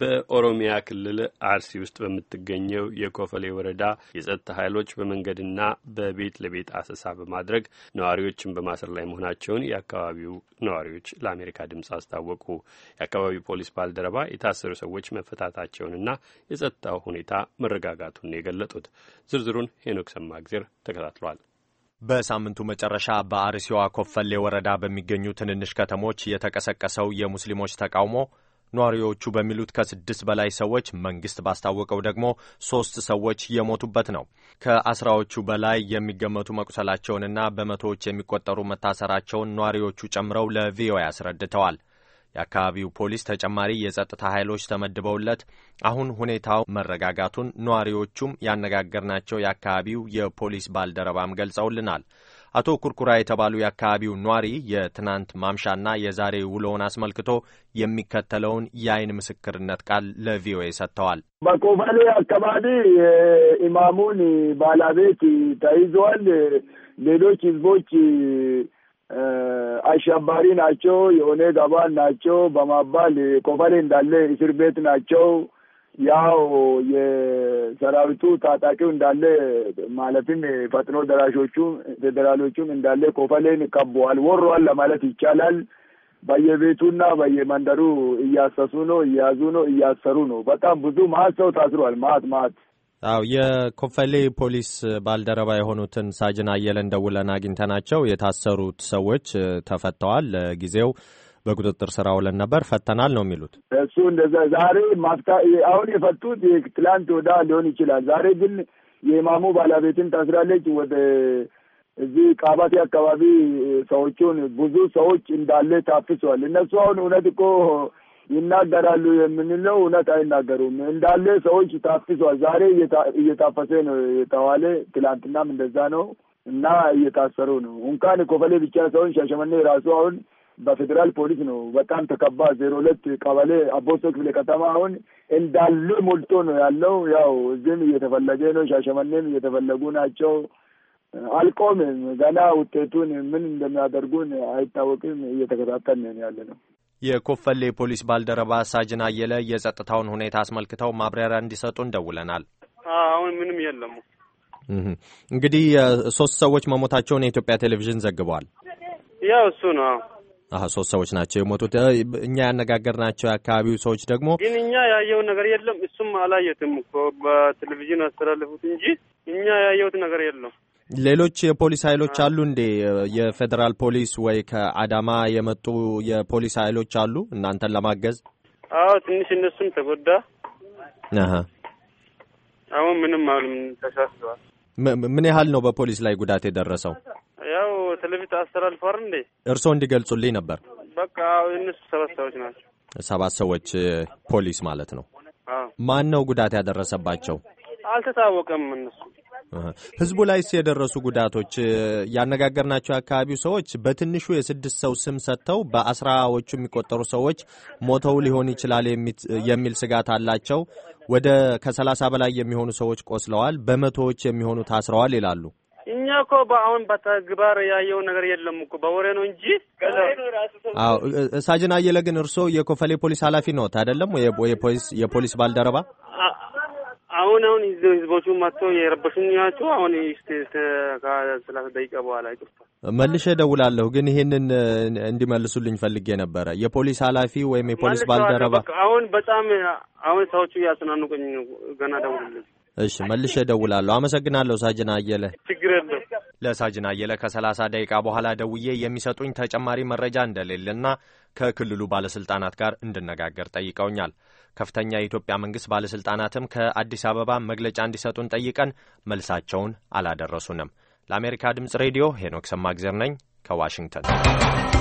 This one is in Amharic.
በኦሮሚያ ክልል አርሲ ውስጥ በምትገኘው የኮፈሌ ወረዳ የጸጥታ ኃይሎች በመንገድና በቤት ለቤት አሰሳ በማድረግ ነዋሪዎችን በማሰር ላይ መሆናቸውን የአካባቢው ነዋሪዎች ለአሜሪካ ድምፅ አስታወቁ። የአካባቢው ፖሊስ ባልደረባ የታሰሩ ሰዎች መፈታታቸውንና የጸጥታው ሁኔታ መረጋጋቱን የገለጡት ዝርዝሩን ሄኖክ ሰማግዜር ተከታትሏል። በሳምንቱ መጨረሻ በአርሲዋ ኮፈሌ ወረዳ በሚገኙ ትንንሽ ከተሞች የተቀሰቀሰው የሙስሊሞች ተቃውሞ ነዋሪዎቹ በሚሉት ከስድስት በላይ ሰዎች፣ መንግስት ባስታወቀው ደግሞ ሶስት ሰዎች የሞቱበት ነው። ከአስራዎቹ በላይ የሚገመቱ መቁሰላቸውንና በመቶዎች የሚቆጠሩ መታሰራቸውን ነዋሪዎቹ ጨምረው ለቪኦኤ አስረድተዋል። የአካባቢው ፖሊስ ተጨማሪ የጸጥታ ኃይሎች ተመድበውለት አሁን ሁኔታው መረጋጋቱን ነዋሪዎቹም ያነጋገርናቸው የአካባቢው የፖሊስ ባልደረባም ገልጸውልናል። አቶ ኩርኩራ የተባሉ የአካባቢው ኗሪ የትናንት ማምሻና የዛሬ ውሎውን አስመልክቶ የሚከተለውን የአይን ምስክርነት ቃል ለቪኦኤ ሰጥተዋል። በኮፈሌ አካባቢ የኢማሙን ባለቤት ተይዟል። ሌሎች ህዝቦች አሸባሪ ናቸው፣ የኦነግ አባል ናቸው በማባል ኮፈሌ እንዳለ እስር ቤት ናቸው ያው የሰራዊቱ ታጣቂው እንዳለ ማለትም ፈጥኖ ደራሾቹ ፌዴራሎቹም እንዳለ ኮፈሌን ከበዋል፣ ወሯል ለማለት ይቻላል። በየቤቱና በየመንደሩ እያሰሱ ነው፣ እያዙ ነው፣ እያሰሩ ነው። በጣም ብዙ ማት ሰው ታስሯል። ማት ማት አው የኮፈሌ ፖሊስ ባልደረባ የሆኑትን ሳጅን አየለን ደውለን አግኝተናቸው የታሰሩት ሰዎች ተፈተዋል ለጊዜው በቁጥጥር ስር አውለን ነበር፣ ፈተናል ነው የሚሉት። እሱ እንደዛ ዛሬ ማፍታ አሁን የፈቱት ትላንት ወዳ ሊሆን ይችላል። ዛሬ ግን የማሙ ባለቤትን ታስራለች። ወደ እዚህ ቃባቴ አካባቢ ሰዎቹን ብዙ ሰዎች እንዳለ ታፍሷል። እነሱ አሁን እውነት እኮ ይናገራሉ የምንለው እውነት አይናገሩም። እንዳለ ሰዎች ታፍሷል። ዛሬ እየታፈሰ ነው የተዋለ። ትላንትናም እንደዛ ነው እና እየታሰሩ ነው። እንኳን ኮፈሌ ብቻ ሰውን ሻሸመኔ ራሱ አሁን በፌዴራል ፖሊስ ነው በጣም ተከባ ዜሮ ሁለት ቀበሌ አቦሶ ክፍለ ከተማ አሁን እንዳለ ሞልቶ ነው ያለው። ያው እዚህም እየተፈለገ ነው፣ ሻሸመኔም እየተፈለጉ ናቸው። አልቆምም። ገና ውጤቱን ምን እንደሚያደርጉን አይታወቅም። እየተከታተልን ያለ ነው። የኮፈሌ ፖሊስ ባልደረባ ሳጅን አየለ የጸጥታውን ሁኔታ አስመልክተው ማብራሪያ እንዲሰጡን ደውለናል። አሁን ምንም የለም። እንግዲህ ሶስት ሰዎች መሞታቸውን የኢትዮጵያ ቴሌቪዥን ዘግበዋል። ያው እሱ ነው ሶስት ሰዎች ናቸው የሞቱት። እኛ ያነጋገርናቸው የአካባቢው ሰዎች ደግሞ ግን እኛ ያየው ነገር የለም እሱም አላየትም እኮ በቴሌቪዥን አስተላለፉት እንጂ እኛ ያየሁት ነገር የለም። ሌሎች የፖሊስ ኃይሎች አሉ እንዴ? የፌዴራል ፖሊስ ወይ ከአዳማ የመጡ የፖሊስ ኃይሎች አሉ እናንተን ለማገዝ? አዎ ትንሽ እነሱም ተጎዳ። አሁን ምንም አሁን ተሳስበዋል። ምን ያህል ነው በፖሊስ ላይ ጉዳት የደረሰው? ስለ አስተላልፈር እንዴ እርስዎ እንዲገልጹልኝ ነበር። በቃ እነሱ ሰባት ሰዎች ናቸው። ሰባት ሰዎች ፖሊስ ማለት ነው። ማን ነው ጉዳት ያደረሰባቸው? አልተታወቀም። እነሱ ህዝቡ ላይስ የደረሱ ጉዳቶች ያነጋገርናቸው የአካባቢው ሰዎች በትንሹ የስድስት ሰው ስም ሰጥተው በአስራዎቹ የሚቆጠሩ ሰዎች ሞተው ሊሆን ይችላል የሚል ስጋት አላቸው። ወደ ከሰላሳ በላይ የሚሆኑ ሰዎች ቆስለዋል፣ በመቶዎች የሚሆኑ ታስረዋል ይላሉ። እኛ እኮ በአሁን በተግባር ያየው ነገር የለም እኮ በወሬ ነው እንጂ። አዎ ሳጅን አየለ ግን እርስዎ የኮፈሌ ፖሊስ ኃላፊ ነዎት አይደለም? የፖሊስ ባልደረባ አሁን አሁን ህዝቦቹ መጥቶ የረበሹኝ ናቸው። አሁን ሰላሳ ደቂቃ በኋላ ይቅርታ መልሼ እደውላለሁ። ግን ይህንን እንዲመልሱልኝ ፈልጌ ነበረ። የፖሊስ ኃላፊ ወይም የፖሊስ ባልደረባ አሁን በጣም አሁን ሰዎቹ እያስናኑቀኝ ገና ደውልልኝ እሺ፣ መልሼ እደውላለሁ። አመሰግናለሁ ሳጅን አየለ። ችግር የለም። ለሳጅን አየለ ከሰላሳ ደቂቃ በኋላ ደውዬ የሚሰጡኝ ተጨማሪ መረጃ እንደሌለና ከክልሉ ባለስልጣናት ጋር እንድነጋገር ጠይቀውኛል። ከፍተኛ የኢትዮጵያ መንግስት ባለስልጣናትም ከአዲስ አበባ መግለጫ እንዲሰጡን ጠይቀን መልሳቸውን አላደረሱንም። ለአሜሪካ ድምፅ ሬዲዮ ሄኖክ ሰማግዜር ነኝ ከዋሽንግተን